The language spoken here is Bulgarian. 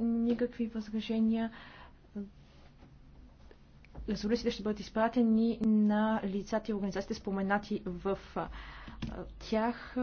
никакви възражения, резолюциите ще бъдат изпратени на лицата и организациите споменати в тях.